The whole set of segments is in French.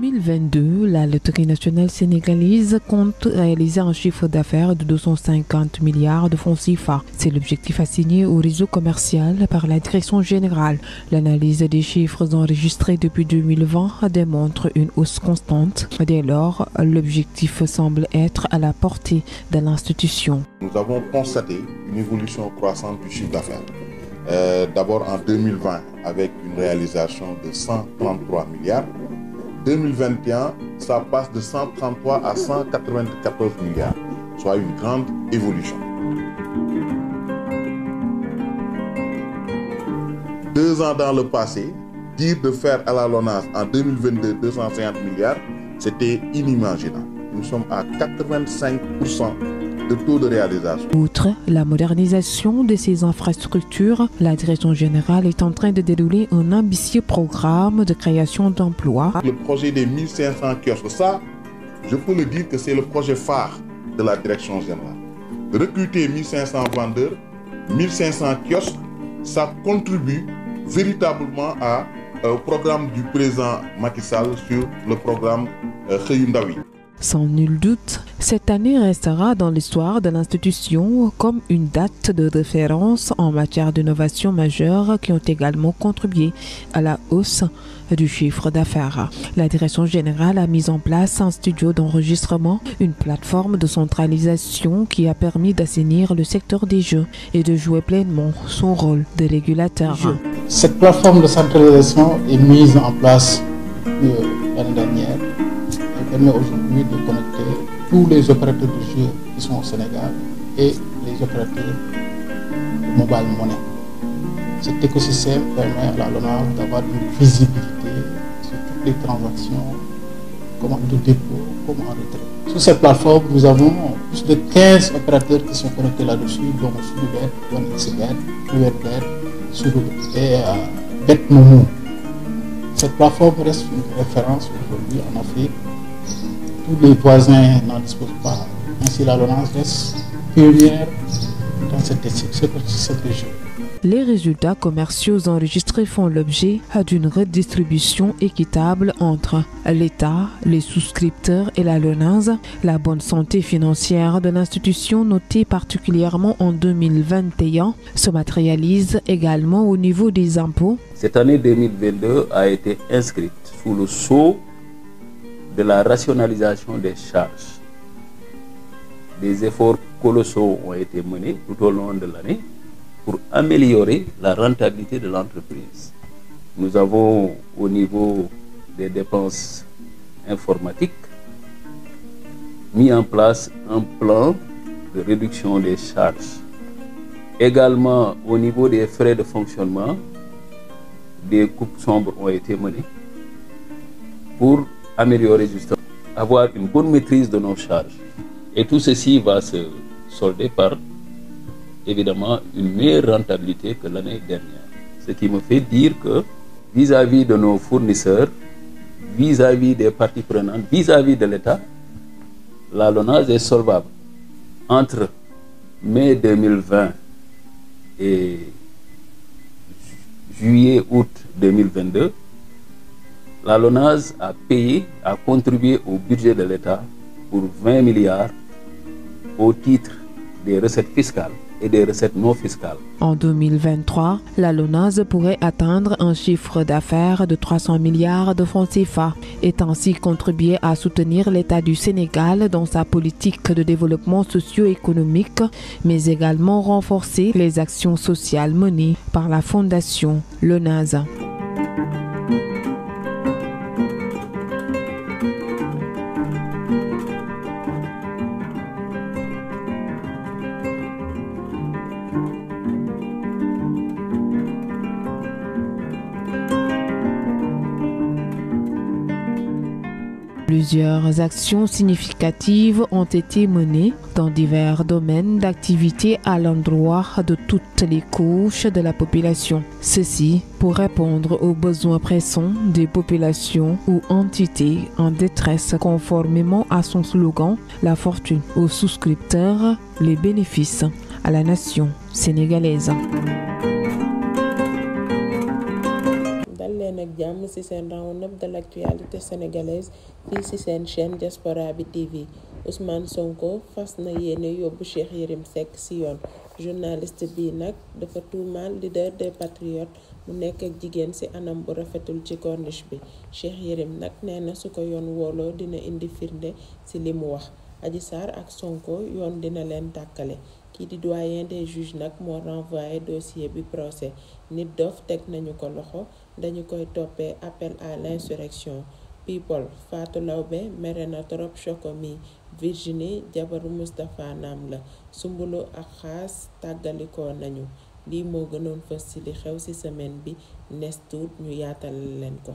2022, la Loterie nationale sénégalaise compte réaliser un chiffre d'affaires de 250 milliards de fonds CIFA. C'est l'objectif assigné au réseau commercial par la direction générale. L'analyse des chiffres enregistrés depuis 2020 démontre une hausse constante. Dès lors, l'objectif semble être à la portée de l'institution. Nous avons constaté une évolution croissante du chiffre d'affaires. Euh, d'abord en 2020 avec une réalisation de 133 milliards 2021, ça passe de 133 à 194 milliards, soit une grande évolution. Deux ans dans le passé, dire de faire à la LONAS en 2022 250 milliards, c'était inimaginable. Nous sommes à 85% de taux de réalisation. Outre la modernisation de ces infrastructures, la direction générale est en train de dérouler un ambitieux programme de création d'emplois. Le projet des 1500 kiosques, ça, je peux le dire que c'est le projet phare de la direction générale. Recruter 1500 vendeurs, 1500 kiosques, ça contribue véritablement à, euh, au programme du président Macky Sall sur le programme euh, David. Sans nul doute, cette année restera dans l'histoire de l'institution comme une date de référence en matière d'innovation majeure qui ont également contribué à la hausse du chiffre d'affaires. La direction générale a mis en place un studio d'enregistrement, une plateforme de centralisation qui a permis d'assainir le secteur des jeux et de jouer pleinement son rôle de régulateur. Cette plateforme de centralisation est mise en place euh, l'année dernière aujourd'hui de connecter tous les opérateurs de jeu qui sont au Sénégal et les opérateurs de mobile money. Cet écosystème permet à la d'avoir une visibilité sur toutes les transactions, comment en de dépôt, comment en retrait. Sur cette plateforme, nous avons plus de 15 opérateurs qui sont connectés là-dessus, dont Sulibet, OneXBet, URBet, Sulibet et euh, BetMomo. Cette plateforme reste une référence aujourd'hui en Afrique les voisins n'en disposent pas. Ainsi, la reste dans cette région. Les résultats commerciaux enregistrés font l'objet d'une redistribution équitable entre l'État, les souscripteurs et la lenaze La bonne santé financière de l'institution, notée particulièrement en 2021, se matérialise également au niveau des impôts. Cette année 2022 a été inscrite sous le sceau de la rationalisation des charges. Des efforts colossaux ont été menés tout au long de l'année pour améliorer la rentabilité de l'entreprise. Nous avons au niveau des dépenses informatiques mis en place un plan de réduction des charges. Également au niveau des frais de fonctionnement, des coupes sombres ont été menées pour améliorer justement, avoir une bonne maîtrise de nos charges. Et tout ceci va se solder par, évidemment, une meilleure rentabilité que l'année dernière. Ce qui me fait dire que vis-à-vis de nos fournisseurs, vis-à-vis des parties prenantes, vis-à-vis de l'État, la LONAS est solvable. Entre mai 2020 et juillet-août 2022, la LONAS a payé, a contribué au budget de l'État pour 20 milliards au titre des recettes fiscales et des recettes non fiscales. En 2023, la LONAS pourrait atteindre un chiffre d'affaires de 300 milliards de francs CFA et ainsi contribuer à soutenir l'État du Sénégal dans sa politique de développement socio-économique, mais également renforcer les actions sociales menées par la Fondation LONAS. Plusieurs actions significatives ont été menées dans divers domaines d'activité à l'endroit de toutes les couches de la population. Ceci pour répondre aux besoins pressants des populations ou entités en détresse conformément à son slogan La fortune aux souscripteurs, les bénéfices à la nation sénégalaise. leen ak jàmm ci seen round-up de l'actualité sénégalaise fii ci seen chaîne Diaspora bi TV Ousmane Sonko fas na yéene yóbbu Cheikh Yérim Seck ci yoon journaliste bi nag dafa tuumaal leader de patriotes mu nekk ak jigéen ci anam bu rafetul ci corniche bi Cheikh Yérim nag nee na su ko yoon wooloo dina indi firnde ci li mu wax Adji Sarr ak Sonko yoon dina leen tàkkale kii di doyen des juges nag moo renvoyé dossier bi procès nit dof teg nañu ko loxo dañu koy toppee appel à l'insurrection people Fatou Laobé mere na trop Choco mi jabaru Moustapha Naam la sumbulu ak Xaas tàggalikoo nañu lii moo gënoon fës ci li xew ci semaine bi nest tuut ñu yaatal leen ko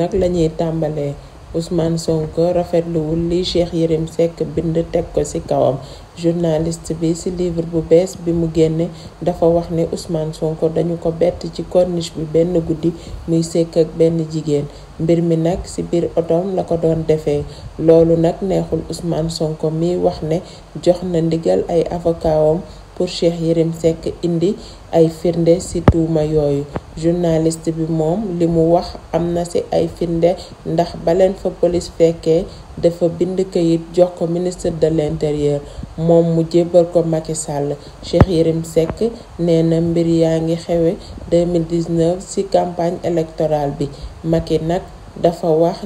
nag lañuy tàmbalee Ousmane Sonko rafetluwul li Cheikh Yérim Seck bind teg ko ci kawam journaliste bi ci livre bu bees bi mu génne dafa wax ne Ousmane Sonko dañu ko bett ci corniche bi benn guddi muy sekk ak benn jigéen mbir mi nag ci biir otom la ko doon defee loolu nag neexul Ousmane Sonko mi wax ne jox na ndigal ay avocatam pour Cheikh Yérim indi ay firnde ci journaliste bi moom li mu wax am na ci ay firnde ndax baleen fa police fekkee dafa bind kayit jox ministre de l'intérieur Mon mu jébbal ko Macky Sall Cheikh Yérim Seck 2019 si campagne électorale bi Macky nag dafa wax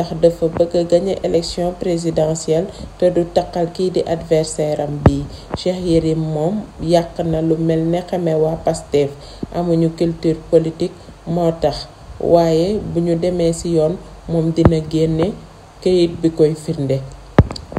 ndax dafa bëgg a gagné élection te du taqal kii di adversaire am bi Cheikh Yérim moom yàq na lu mel ne xamee waa Pastef amuñu culture politique moo tax waaye bu ñu demee ci yoon moom dina génne këyit bi koy firnde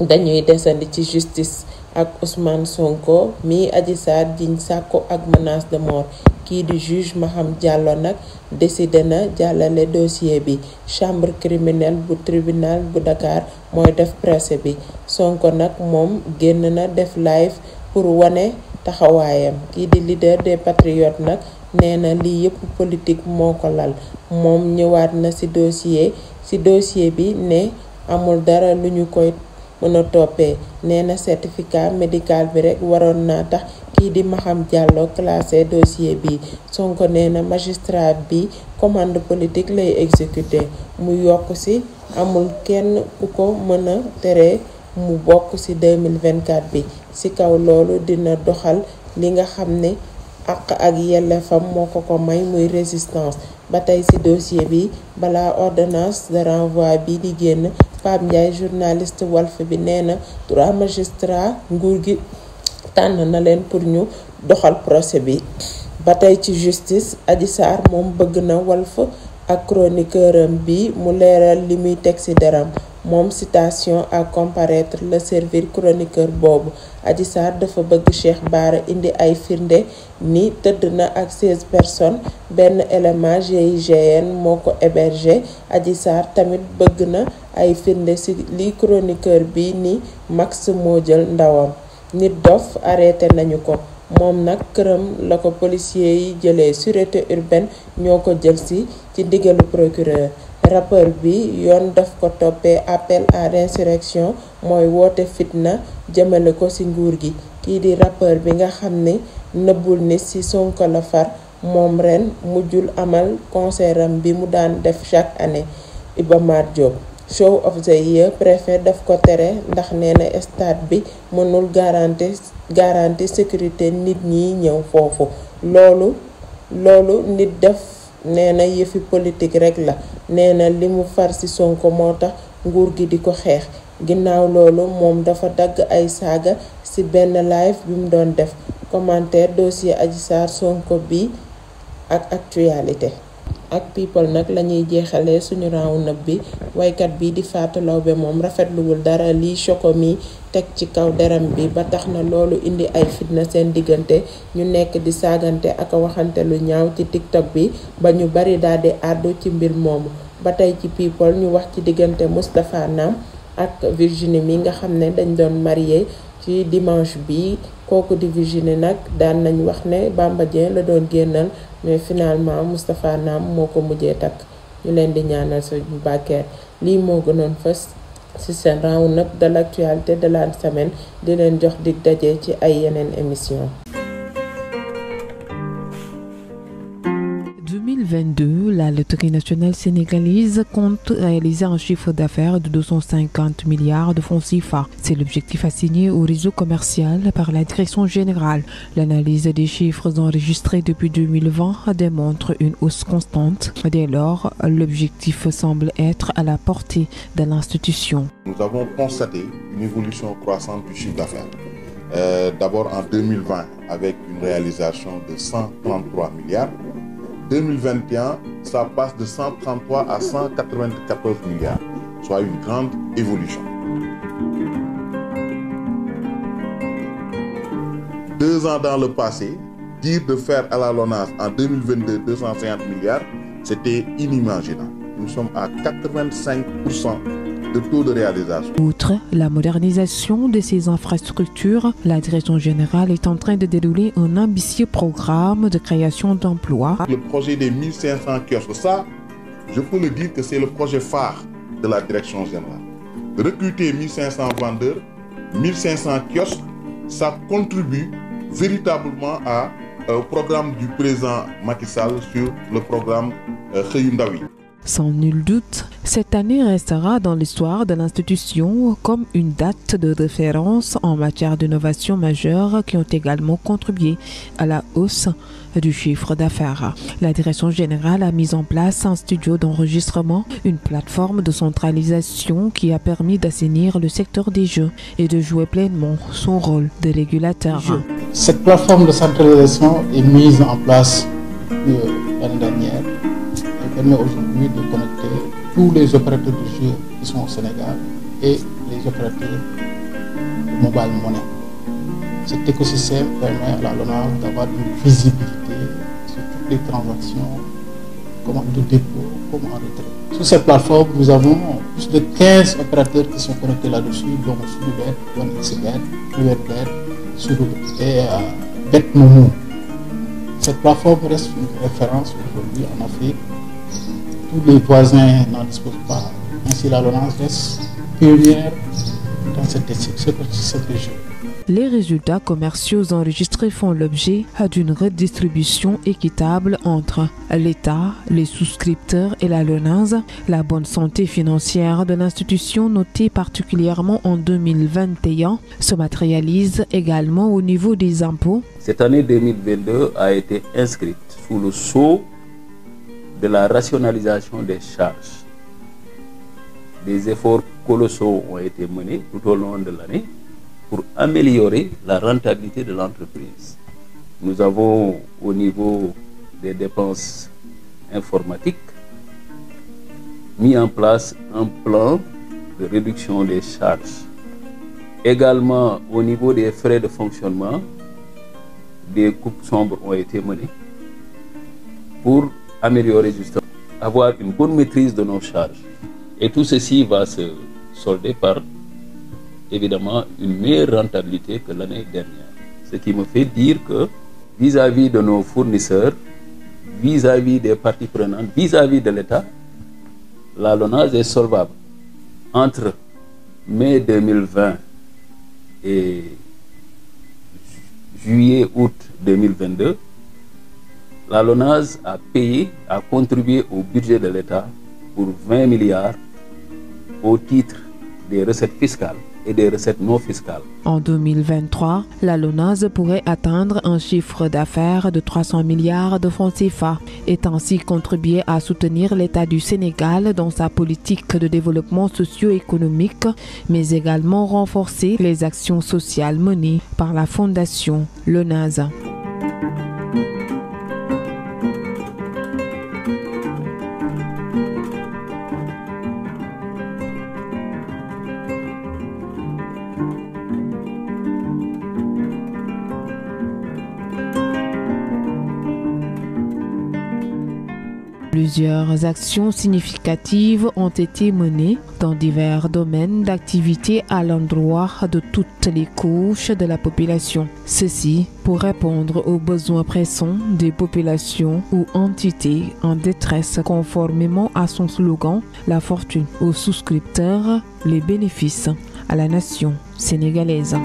dañuy desandi ci justice ak Ousmane Sonko mi Adji Sarr jiñ sàkku ak menace de mort kii di juge Maham Diallo nag décidé na jàllale dossier bi chambre criminelle bu tribinale bu Dakar mooy def procès bi Sonko nag moom génn na def live pour wane taxawaayam kii di leader des patriotes nag nee na lii yëpp politique moo ko lal moom ñëwaat na ci dossier ci dossier bi ne amul dara lu ñu koy mën a toppee nee na certificat médical bi rekk waroon naa tax di Maham Diallo classé dossier bi Son nee magistrat bi commande politique lay exécuter mu yok ci amul kenn ko mën a tere mu ci 2024 bi ci kaw lolu dina doxal li nga xamné ak ak yellefam moo ko ko may muy résistance Bataille si ci dossier bi bala ordonnance de renvoi bi di génn Ndiaye journaliste Wolf bi trois magistrats nguur tànn na leen pour ñu doxal procès bi ba tey ci justice Adji Sarr moom bëgg na Walf ak chroniqueuram bi mu leeral li muy teg ci deram moom citation à comparaître le servir chroniqueur boobu Adji Sarr dafa bëgg Cheikh Bara indi ay firnde ni tëdd na ak 16 personnes benn élément GIGN moo ko hébergé Adji Sarr tamit bëgg na ay firnde ci li chroniqueur bi ni Max moo jël ndawam nit dof arrêté nañu ko moom nag këram la ko policier yi jëlee sûreté urbaine ñoo ko jël si ci diggalu procureur rappeur bi yoon daf ko toppee appel à l'insurrection mooy woote fitna jëmale ko ci nguur gi kii di rappeur bi nga xam ni nëbbul ni ci Sonko la far moom ren mujjul amal concertam bi mu daan def chaque année Iba Mar Diop show of the year préfet daf ko tere ndax nee na stade bi mënul garante garantie sécurité nit ñi ñëw foofu loolu loolu nit def nee na yëfi politique rek la nee na li mu far ci Sonko moo tax nguur gi di ko xeex ginnaaw loolu moom dafa dagg ay saaga ci benn live bi doon def commentaire dossier Adji Sarr Sonko bi ak actualité ak people nag la ñuy jeexalee suñu round-up bi woykat bii di Fatou Laobé moom rafetluwul dara lii Choco mi teg ci kaw deram bi ba tax na loolu indi ay fitna seen diggante ñu nekk di saagante ak waxante lu ñaaw ci tiktok bi ba ñu bari daal di àddu ci mbir moomu ba tey ci people ñu wax ci diggante Moustapha Nam ak Virginie mi nga xam ne dañ doon marie ci dimanche bi kooku di nag daan nañ wax ne Bamba la doon génnal mais finalement Moustapha Naam moo ko mujjee takk ñu leen di ñaanal suñu bàkkeer lii moo gënoon fës ci seen round-up de actualité de la semaine di leen jox di daje ci ay yeneen émission 2022, la Loterie nationale sénégalaise compte réaliser un chiffre d'affaires de 250 milliards de fonds CFA. C'est l'objectif assigné au réseau commercial par la direction générale. L'analyse des chiffres enregistrés depuis 2020 démontre une hausse constante. Dès lors, l'objectif semble être à la portée de l'institution. Nous avons constaté une évolution croissante du chiffre d'affaires. Euh, d'abord en 2020 avec une réalisation de 133 milliards 2021, ça passe de 133 à 194 milliards, soit une grande évolution. Deux ans dans le passé, dire de faire à la LONAS en 2022 250 milliards, c'était inimaginable. Nous sommes à 85% de taux de réalisation. Outre la modernisation de ces infrastructures, la direction générale est en train de dérouler un ambitieux programme de création d'emplois. Le projet des 1500 kiosques, ça, je peux le dire que c'est le projet phare de la direction générale. Recruter 1500 vendeurs, 1500 kiosques, ça contribue véritablement à, euh, au programme du président Macky Sall sur le programme euh, David. Sans nul doute, cette année restera dans l'histoire de l'institution comme une date de référence en matière d'innovation majeure qui ont également contribué à la hausse du chiffre d'affaires. La direction générale a mis en place un studio d'enregistrement, une plateforme de centralisation qui a permis d'assainir le secteur des jeux et de jouer pleinement son rôle de régulateur. Cette plateforme de centralisation est mise en place euh, l'année dernière permet aujourd'hui de connecter tous les opérateurs de jeu qui sont au Sénégal et les opérateurs de mobile money. Cet écosystème permet à la LONA d'avoir une visibilité sur toutes les transactions, comment de dépôt, comme retrait. Sur cette plateforme, nous avons plus de 15 opérateurs qui sont connectés là-dessus, dont Sudubet, OneXBet, URBet, Sudubet et euh, BetMomo. Cette plateforme reste une référence aujourd'hui en Afrique les voisins n'en disposent pas. Ainsi, la reste dans cette région. Les résultats commerciaux enregistrés font l'objet d'une redistribution équitable entre l'État, les souscripteurs et la LENAS. La bonne santé financière de l'institution, notée particulièrement en 2021, se matérialise également au niveau des impôts. Cette année 2022 a été inscrite sous le sceau de la rationalisation des charges. Des efforts colossaux ont été menés tout au long de l'année pour améliorer la rentabilité de l'entreprise. Nous avons au niveau des dépenses informatiques mis en place un plan de réduction des charges. Également au niveau des frais de fonctionnement, des coupes sombres ont été menées pour améliorer justement, avoir une bonne maîtrise de nos charges. Et tout ceci va se solder par, évidemment, une meilleure rentabilité que l'année dernière. Ce qui me fait dire que vis-à-vis de nos fournisseurs, vis-à-vis des parties prenantes, vis-à-vis de l'État, la LONAS est solvable. Entre mai 2020 et juillet-août 2022, la Lonaze a payé, a contribué au budget de l'État pour 20 milliards au titre des recettes fiscales et des recettes non fiscales. En 2023, la Lonaze pourrait atteindre un chiffre d'affaires de 300 milliards de francs CFA et ainsi contribuer à soutenir l'État du Sénégal dans sa politique de développement socio-économique, mais également renforcer les actions sociales menées par la Fondation LONAS. Plusieurs actions significatives ont été menées dans divers domaines d'activité à l'endroit de toutes les couches de la population. Ceci pour répondre aux besoins pressants des populations ou entités en détresse conformément à son slogan La fortune aux souscripteurs, les bénéfices à la nation sénégalaise.